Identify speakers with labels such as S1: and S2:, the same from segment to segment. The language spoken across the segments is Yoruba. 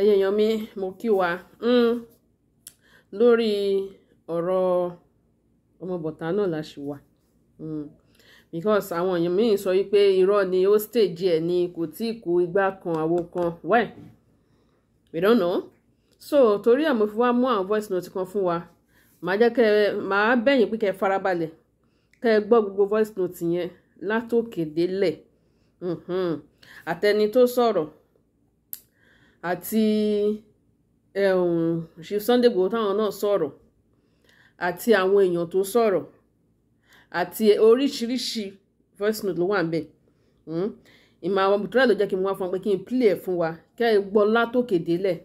S1: ẹ̀yin èèyàn mi mo kí wa hmm, lórí ọ̀rọ̀ ọmọ bọ̀tá náà la ṣì wà hmm, because àwọn èèyàn míì sọ wípé irọ́ ni ó stage ẹ̀ ni kò tí ì kú igbá kan àwo kan well we don't know so torí ẹ̀ mo fi wá mú àwọn voice note kan fún wa màá jẹ́ kẹ́ màá bẹ̀yìn pé kẹ́ farabalẹ̀ kẹ́ ẹ gbọ́ gbogbo voice note yẹn látòkè délẹ̀ hmm, àtẹni tó sọ̀rọ̀ àti ṣe Sunday Igboho táwọn náà sọ̀rọ̀ àti àwọn èèyàn tó sọ̀rọ̀ àti oríṣiríṣi voice note ló wà ń bẹ̀ hmm? ìmọ̀ àwọn bùtúrà ló jẹ́ kí n wá fún wa pé kí n play ẹ̀ fún wa kẹ́ ẹ gbọ́ látòkè délẹ̀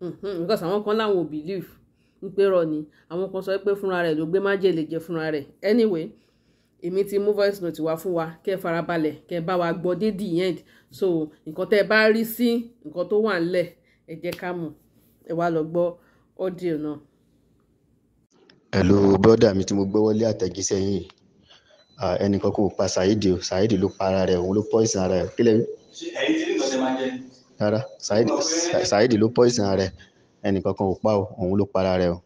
S1: hmm, because àwọn kan láwọn ò believe wípé rọ ni àwọn kan sọ pé fúnra rẹ̀ ló gbé májèlé jẹ fúnra rẹ̀ anyway èmi ti mú voice note wá fún wa kẹ́ ẹ farabalẹ̀ kẹ́ ẹ bá wa gbọ́ dé the end so nǹkan tẹ́ ẹ bá rí sí nǹkan tó wà ńlẹ̀ ẹ jẹ́ ká mọ̀ ẹ wá lọ gbọ́ ọ́díò náà.
S2: ẹ̀lú bọ́dà mi tí mo gbé wọlé àtẹ̀jíṣẹ́ yìí ẹnìkan kò pa Saidi o Saidi ló pa ara rẹ̀ òun ló poison ara rẹ̀ kílẹ̀ mi. rárá Saidi ló poison ara rẹ̀ ẹnìkan kan ò pa o òun ló para rẹ̀ o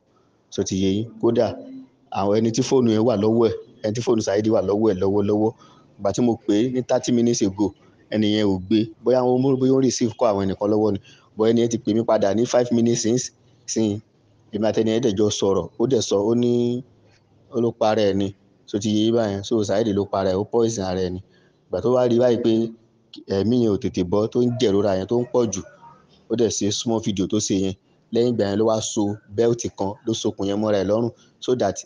S2: so ti yé yín kódà àwọn ẹni tí fóònù yẹn wà lọ́wọ́ ẹ̀ ẹni tí fóònù Saidi wà lọ́wọ́ ẹ̀ lọ́wọ́lọ́wọ́ ìgbà tí mo pè é ní thirty minutes ago ẹni yẹn ò gbé bóyá wọn mú bóyá wọn receive kọ́ àwọn ẹnìkan lọ́wọ́ ni bóyá ẹni yẹn ti pè mí padà ní five minutes sin èmi àtẹni yẹn dẹ̀jọ sọ̀rọ̀ ó dẹ̀ sọ ó ní ó ló para so ti yé báyẹn so Saheed ló para ó poison ara ẹ̀ ìgbà tó wá rí báyìí pé ẹ̀mí yẹn ò tètè bọ́ tó ń jẹ̀rora yẹn tó ń pọ̀ jù ó dẹ̀ ṣe small video tó ṣe yẹn lẹ́yìn ìgbà yẹn ló wá so bẹ́ẹ̀tì kan ló sokùn yẹn mọ́ra ẹ̀ lọ́rùn so that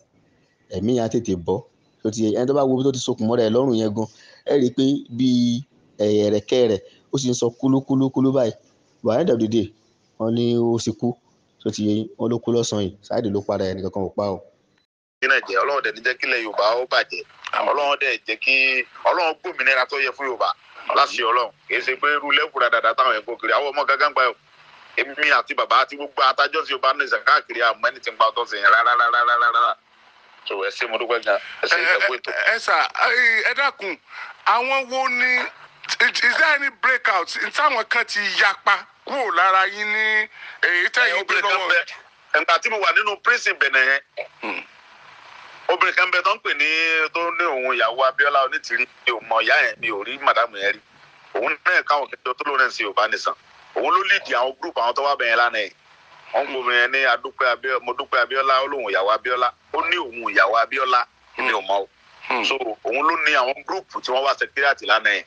S2: ẹ̀mí yẹn á tètè bọ́ tó ti yẹ ẹni tó bá wo bí tó ti sokùn mọ́ra ẹ̀ lọ́rùn yẹn gan ẹ̀ rí i pé bíi ẹ̀rẹ̀kẹ́ rẹ̀ ó sì ń sọ kúlúkúlúkúlú báyìí wà á dàbí dìde wọn ní ó sì kú tó ti wọn ló kú lọ́sàn-án yìí Saheed ló para ẹnì kankan ò pa o.
S3: nàìjíríà jẹ Ọlọ́run dẹ ní jẹ kílẹ̀ Yorùbá ó bàjẹ́ Ọlọ́run dẹ jẹ kí Ọlọ́run gbòmìnira tó yẹ fún Yorùbá láti Ọlọ́run kì í ṣe pé irú lẹ́kùnrin dáadáa táwọn ẹ̀kọ́ kiri àwọn ọmọ gángan gbà yọ èmi àti bàbá àti gbogbo atajọ́ tí o bá ń nìyẹn káàkiri àmọ́ ẹni tí ń pa ọtọ́ sẹ́yìn rárá rárá rárá rárá tó ẹ ṣe mo dúpẹ́ gan ẹ ṣe ìtẹ̀kùn ètò. ẹ sà ẹ dákun àwọn is there any breakout táwọn kan ti yapa kúrò lára yín ní eh, èyí tẹ̀yìn obìnrin lọ́wọ́ rẹ̀. nígbà tí mo wà nínú prison bẹ̀nẹ̀ yẹn hmm. obìnrin kan bẹ tó ń pè ní tó ní òun ìyàwó Abíọ́lá Onítìrí mi ò mọ ìyá yẹn mi ò rí màdàmù yẹn rí òun náà káwọn kẹjọ tó lóun náà sí Yorùbá nìsan òun ló lead àwọn group àwọn tó wà bẹ̀yẹn lánàá yìí wọn ń gbòmìnira ní adúpẹ́ Abíọ́lá mo dúpẹ́ Abíọ́lá ó lóun ìyàwó Abíọ́lá ó ní òun ìyàwó Abíọ́lá mi ò mọ o hmm. Hmm. so òun ló ní àwọn group tí wọ́n wá secretariat lánàá yìí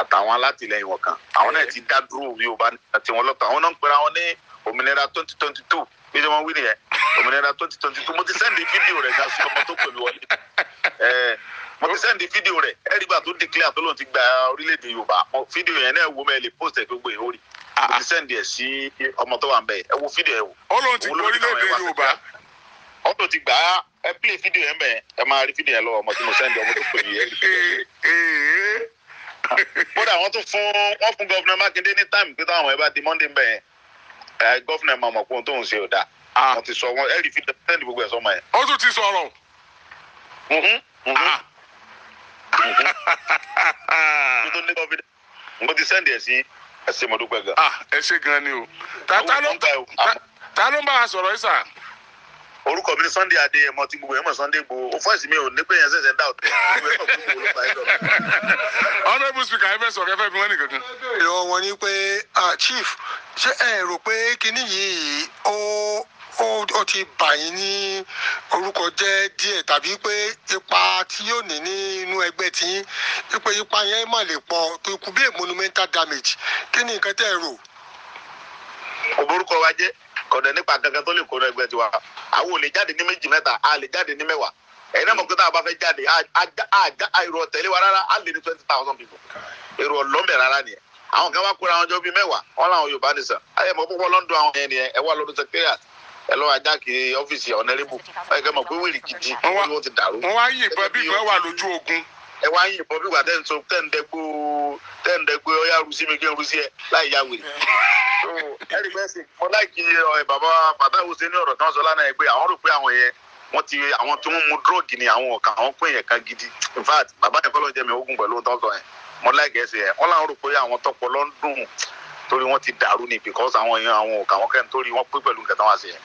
S3: àtàwọn alátìlẹyìn wọn kan àwọn náà ti dá dúró yorùbá àti wọn lọ́tọ̀ àwọn náà ń pera wọn ní òmìnira twenty twenty two bí wọ́n wí nìyẹn òmìnira twenty twenty two mo ti sẹ́ndì fídíò rẹ̀ gan sí ọmọ tó pè mí wọlé mo ti sẹ́ndì fídíò rẹ̀ ẹ̀rí gbà tó declare tó ti gba orílẹ̀-èdè yorùbá fídíò yẹn náà wo mẹ́ẹ̀lì post gbogbo ẹ̀ orí mo ah, ah. ti sẹ́ndì ẹ̀ sí ọmọ tó wà ń bẹ̀ ẹ̀ wo fídíò ẹ̀ wò. ọlọ́run ti gba orílẹ̀-èdè yorùbá. ọlọ́run ti gbà ẹ play fídíò yẹn bẹ̀ ẹ máa rí fídíò yẹn lọ́wọ́ ọmọ tí mo sẹ́ndì ọmọ tó pè mí ẹ̀ kódà wọ́n tún fún wọ́n fún gọ́fúnà Mákindé ní táìmù pé táwọn ẹ bá di Monday mbẹ yẹn gọ́fúnà máa mọ̀ pé ohun tóun ṣe ò dáa ah. wọ́n ti sọ wọn ẹ rí fi sẹ́ndì gbogbo ẹ̀ sọ́mọ yẹn. ó tún ti sọ̀rọ̀. tuntun mm-hmm, mm-hmm. ah. mm-hmm. ní kọ́fídẹ́ mo ti sẹ́ndì ẹ̀ sí ẹ̀ sí mọ̀dúpẹ́ gan. Ah, ẹ ṣe gan ni o ta ló ń bá a sọ̀rọ̀ yìí sà. orúkọ mi ni Sunday Adéyẹmọ ti gbogbo ẹ Sunday Igboho o fọyín mi ò ní yẹn ṣẹ̀ṣẹ̀ ń dá gbogbo
S4: ẹ lọ. wọn ni pé chief ṣé ẹ rò pé kinní yìí ó ó ti bà yín ní orúkọ jẹ́ díẹ̀ tàbí pé ipa tí yóò ní ní inú ipa yẹn lè tó damage kí ni nǹkan ẹ rò.
S3: wa jẹ́. kọ̀dọ̀ nípa kankan tó lè kó ẹgbẹ́ tiwa àwọn ò lè jáde ní méjì mẹ́ta a lè jáde ní mẹ́wàá ẹ̀yin náà mọ̀ pé tá a bá fẹ́ jáde a èrò ọ̀tẹ̀lé wa rárá a lè ní twenty thousand people èrò ọ̀lọ́mẹ̀ rárá nìyẹn àwọn kan wá kóra àwọn jọ bíi mẹ́wàá wọn làwọn Yorùbá ní sàn ayé mọ̀ púpọ̀ lọ́ndọ̀ àwọn yẹn nìyẹn ẹ wá lọ́dún secretariat ẹ lọ́wọ́ ajá kì í ọ́fíìsì ọ̀nẹ́rẹ́bù ẹ kẹ́ mọ̀ pé wèrè gidi wọ́n ti dàrú. wọ́n wá yìnbọn bí wà lójú ogun ẹ so mo láìkí eh, bàbá bàbá ìwòsàn ní ọ̀rọ̀ tí wọ́n sọ lánàá pé àwọn rò pé àwọn yẹn wọ́n ti àwọn tí wọ́n mu dúróògì ni àwọn ọ̀kan àwọn pín yẹn kan gidi in fact bàbá yẹn kọ́lọ́ jẹ́ mi ogun pẹ̀lú tọ́sọ yẹn mo láìkí ẹsẹ̀ yẹn wọ́n láwọn rò pé àwọn tọ́pọ̀ ló torí wọ́n ti dàrú ni because àwọn yẹn àwọn ọ̀kan wọn kẹ́ni torí wọ́n pín pẹ̀lú nǹkan táwọn àṣẹ yẹn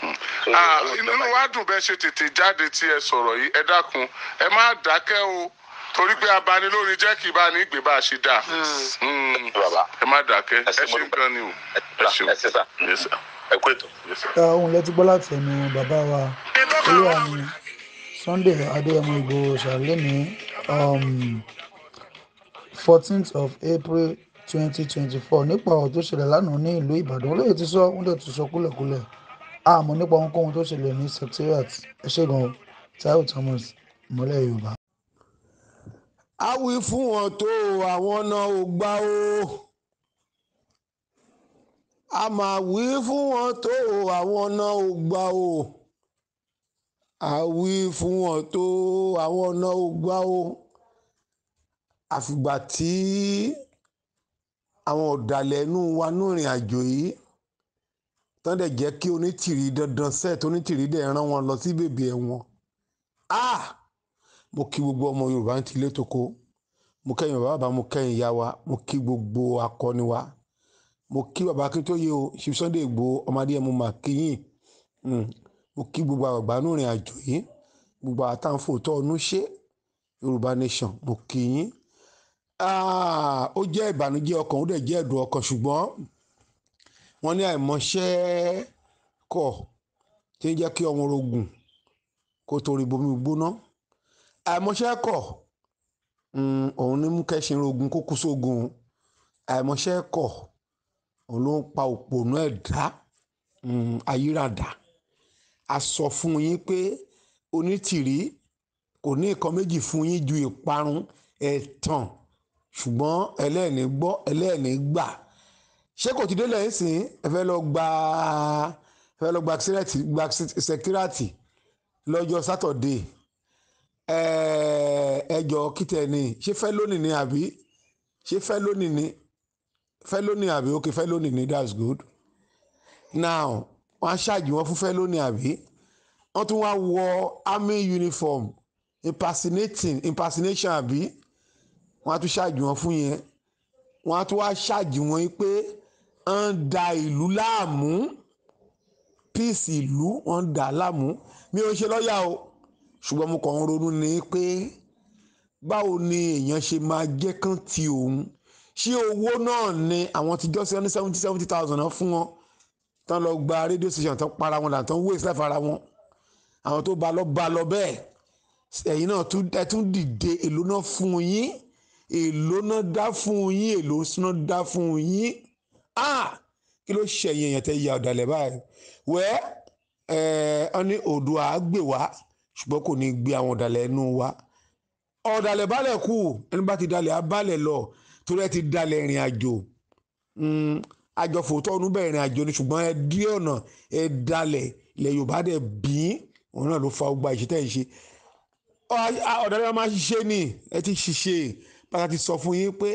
S3: hmm. ah, inú wa dùn bẹ́ẹ̀ ṣe tètè jáde tí ẹ sọ̀rọ̀ yìí ẹ dákun ẹ má dákẹ́ o torí pé abanilórin jẹ́ kí bá ní ìgbé bá a ṣe dáa hmm. hmm. ẹ má
S4: dákẹ́ ẹ ṣe nǹkan ni o ẹ ṣeun ẹ ṣe ẹ kú ètò. ohun lẹ́tí gbọ́ láti ẹnu bàbá wa olúwa ni Sunday Adéyẹmọ Ìgbòho ṣàlẹ́mí um,
S5: fourteenth of April twenty twenty four nípa ọ̀rọ̀ tó ṣẹlẹ̀ lánàá ní ìlú Ìbàdàn olóyè ti sọ wọ́n dẹ̀ ti sọ kúlẹ̀kúlẹ̀ àmọ́ nípa ohunkóhun tó ṣẹlẹ̀ ní secretariat
S4: ẹ ṣe gan-an Taiwo Thomas mọ́lẹ̀ Yorùbá a wí fún wọn tó àwọn náà ò o a máa wí fún wọn tó àwọn náà ò o a wí fún wọn tó àwọn náà ò o àfìgbà tí àwọn ọ̀dàlẹ̀ inú wa ní ìrìn àjò yìí tán dẹ̀ jẹ́ kí onítìrí dandan set onítìrí dẹ̀ rán wọn lọ sí bèbè ẹ̀wọ̀n. Ah! mo kí gbogbo ọmọ yorùbá ń tilé toko mo kẹ́yìn bàbá bàbá mo kẹ́yìn ìyá wa mo kí gbogbo akọni wa mo kí bàbá akíntóye o ṣe sunday igbòho ọmọdé ẹ mo mà kíyìn hmm. mo kí gbogbo àgbà nù rìn àjò yìí gbogbo àtàǹfò tó ọ̀nù ṣe yorùbá nation mo kí yín ah, ó jẹ́ ìbànújẹ́ ọkàn ó dẹ̀ jẹ́ ẹ̀dùn ọkàn ṣùgbọ́n wọ́n ní àìmọṣẹ́ kọ̀ tí ń jẹ́ kí ọmọ orogun kó torí bomi gbóná àìmọṣẹ́ um, kọ̀ mm, òun ní mú kẹ́sìn rogun kó sógun àìmọṣẹ́ òun ló ń pa òpònú ẹ̀dá um, mm, ayírádà a sọ fún yín pé onítìrí kò ní nǹkan méjì fún yín ju ìparun ẹ̀tàn ṣùgbọ́n ẹlẹ́ẹ̀ni gbọ́ ẹlẹ́ẹ̀ni gbà ṣé kò ti délẹ̀ ń sìn ẹ fẹ́ lọ gba ẹ fẹ́ lọ gba sẹkírátì lọ́jọ́ sátọ̀dẹ̀ẹ́ ẹjọ kìtẹ ni ṣé fẹ́ lónìí ni àbí ṣé fẹ́ lónìí ni fẹ́ lónìí àbí ok fẹ́ lónìí ni that's good now wọ́n á ṣáàjì wọn fún fẹ́ lónìí àbí wọ́n tún wá wọ army uniform impersonating impersonation àbí wọ́n á tún ṣáàjì wọn fún yẹn wọ́n á tún wá ṣáàjì wọn pé wọ́n ń da ìlú láàmú peace ìlú wọ́n ń da láàmú mi ò ṣe lọ́ọ̀yà o ṣùgbọ́n mo kàn ń ronú ni pé báwo ni èèyàn ṣe máa jẹ́ kán ti òun ṣé owó náà ni àwọn tí jọ́sí ní seventy seventy thousand náà fún wọn tán lọ gba rédíò station tán para wọn là tán wéèsì láfa ara wọn àwọn tó ba lọ ba lọ bẹ́ẹ̀ ẹ̀yin náà ẹ tún dìde èlò náà fún yín èlò náà dá fún yín èlò náà dá fún yín ah! kí ló ṣẹ̀yìn èèyàn tẹ́ ya ọ̀dàlẹ̀ báyìí wẹ́ẹ́ eh, ẹ̀ ní Oòduà gbè ṣùgbọ́n kò ní gbé àwọn ọ̀dàlẹ̀ ẹnu wa ọ̀dàlẹ̀ balẹ̀ kù ẹni bá ti dalẹ̀ abalẹ̀ lọ torí ẹ ti dalẹ̀ ìrìn àjò àjọfòótọ́ hmm, ọdún bẹ̀rẹ̀ ìrìn àjò ni ṣùgbọ́n ẹ dí ọ̀nà ẹ dalẹ̀ ilẹ̀ Yorùbá dẹ̀ bín òun náà ló fa ọgbà ìṣẹ́tẹ̀ ìṣe ọ̀dàlẹ̀ máa ṣiṣẹ́ ni ẹ ti ṣiṣẹ́ pàtàkì sọ fún yín pé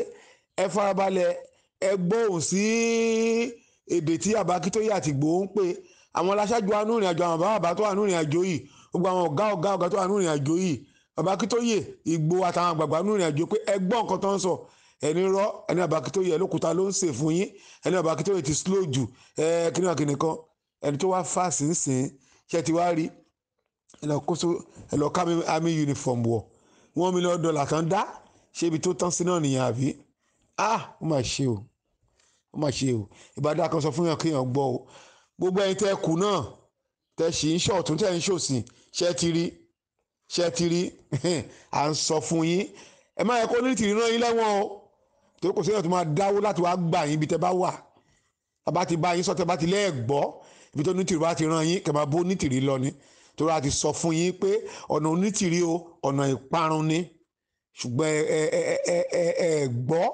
S4: ẹ farabalẹ̀ ẹ gbóhùn sí èdè tí Àbá àtìgbò ń pè é àwọn aláṣáájú wa nú ìrìn àjò àwọn bàbá bàbá tó wà nú ìrìn àjò yìí gbogbo àwọn ọ̀gá ọ̀gá ọ̀gá tó wà nú ìrìn àjò yìí bàbá Akíntóyè Ìgbòho àtàwọn àgbààgbà nú ìrìn àjò pé ẹgbọ́n nǹkan tó ń sọ ẹni rọ ẹni bàbá Akíntóyè ẹlòkúta ló ń sè fún yín ẹni bàbá Akíntóyè ti slow jù ẹ kíni wà kíni kan ẹni tó wá fàásì ń sìn ṣe ti wá rí ẹ lọ ká mi uniform wọ one million dollar tán dá ṣé ibi tó tán sí náà nìyẹn àbí ah ó mà ṣe o ó mà ṣe o ìbádá kan sọ fún yàn kéèyàn gbọ́ o gbogbo ẹ̀yin tẹ́ kù náà tẹ́ sì ń ṣọ̀tún tẹ́ ń ṣòsìn ṣẹ́ ti rí ṣẹ́ ti rí à ń sọ fún yín ẹ má yẹ kó ní tìrì rán yín lẹ́wọ̀n o torí kò sí èèyàn tó máa dáwó láti wá gbà yín ibi tẹ́ bá wà bàbá ti bá yín sọ tẹ́ bá ti lẹ́ẹ̀gbọ́ ibi tó ní tìrì bá ti rán yín kẹ́ bó ní tìrì lọ ni torí a ti sọ fún yín pé ọ̀nà onítìrí o ọ̀nà ìparun ni ṣùgbọ́n ẹ ẹ ẹ ẹ ẹ gbọ́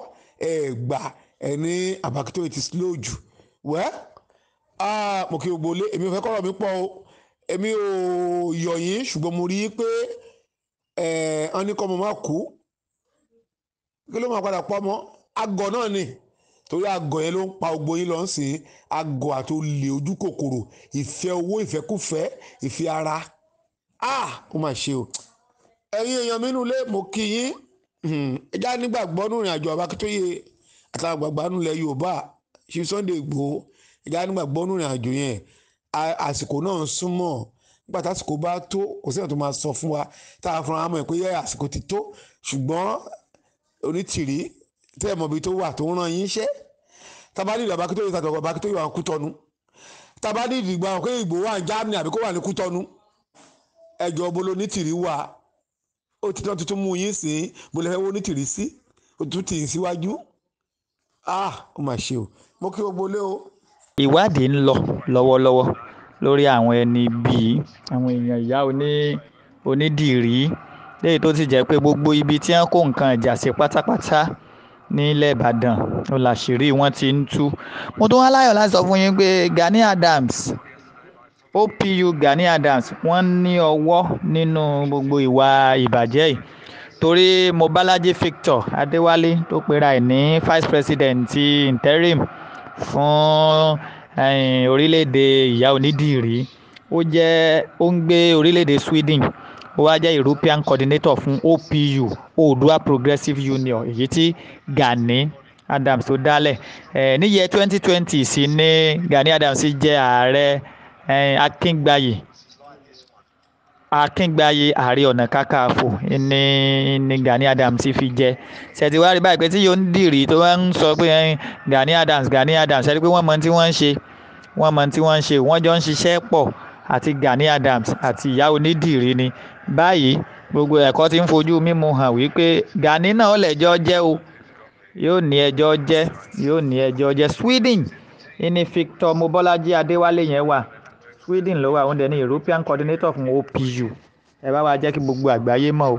S4: ẹ gbà ẹ ní àbákító ti slow jù wẹ́ẹ́. Ah, mo kí gbogbo lé èmi ò fẹ́ kọ́rọ̀ mi pọ̀ o èmi ò yọ̀ yín ṣùgbọ́n mo rí i pé wọ́n ní kọ́ ọmọ máa kú kí ló máa padà pọ̀ mọ́ àgọ̀ náà ni torí àgọ̀ yẹn ló ń pa gbogbo yín lọ ń sìn àgọ̀ àti olè ojú kòkòrò ìfẹ́ owó ìfẹ́kùfẹ́ ìfẹ́ ara ah ó mà ṣe o ẹ̀yin èèyàn mi nulẹ̀ mo kí yín hmm, ẹja nígbàgbọ́ nù ìrìn àjò àbákítóyè àtàwọn àgbààgbà nulẹ̀ Yorùbá ṣe Sunday Ìgbòho ìjà nígbàgbọ́ nínú ìrìnàjò yẹn àsìkò náà súnmọ́ nígbà tásìkò bá tó kò sí èèyàn tó máa sọ fún wa tá a fúnra mọ̀ pé àsìkò ti tó ṣùgbọ́n onítìrí tẹ́ ẹ̀ mọ̀bi tó wà tó ń rán yín iṣẹ́ tábà nílùú àbákító yìí tàbí àbákító yìí wà ń Kútọ́nù tábà nílùú ìgbà wọn pé ìgbò wà ń Germany àbí kó wà ní Kútọ́nù ẹjọ́ bolo onítìrí wà ó ti tán tuntun mú yín sí bolo ẹ̀wọ́ onítìrí sí òtútù tì í síwájú ah ó mà ṣe o mo kí gbogbo lé o
S5: ìwádìí ń lọ lọ́wọ́lọ́wọ́ lórí àwọn ẹni bíi àwọn èèyàn ìyá oní onídìrí léyìí tó ti jẹ́ pé gbogbo ibi tí wọ́n kó nǹkan ìjà sí pátápátá nílẹ̀ ìbàdàn làṣírí wọn ti ń tú mo tún wá láyọ̀ láti sọ fún yín pé Gani Adams OPU Gani Adams wọ́n ní ọwọ́ nínú gbogbo ìwà ìbàjẹ́ yìí torí Mobalaji Victor Adéwálé tó pera ẹ̀ ní vice president ti interim fún orílẹ̀-èdè ìyá onídìrí ó jẹ́ ó ń gbé orílẹ̀-èdè Sweden ó wá jẹ́ European coordinator fún OPU Oodua Progressive Union èyí tí Gani Adams tó dálẹ̀ eh, níyẹ 2020 sí ní Gani Adams jẹ́ ààrẹ eh, akíngbayì akíngbayé ààrẹ ọ̀nà kákàfò ní ní Gani Adams fi jẹ ṣètì wá rí báyìí pé tí yóò ń dìrì tó wọ́n ń sọ pé Gani Adams Gani Adams ṣe é pé wọ́n mọ tí wọ́n ń ṣe wọ́n mọ tí wọ́n ń ṣe wọ́n jọ ń ṣiṣẹ́ pọ̀ àti Gani Adams àti ìyá onídìrí ni báyìí gbogbo ẹ̀kọ́ ti ń fojú mímu hàn wípé Gani náà lẹ́jọ́ jẹ́ o yóò ní ẹjọ́ jẹ́ yóò ní ẹjọ́ jẹ́ Sweden ní Victor Mobọ́lájí Adéwálé yẹn wà sweden ló wà òun dẹ̀ european coordinator fún opu ẹ bá wa jẹ́ kí gbogbo àgbáyé mọ̀ o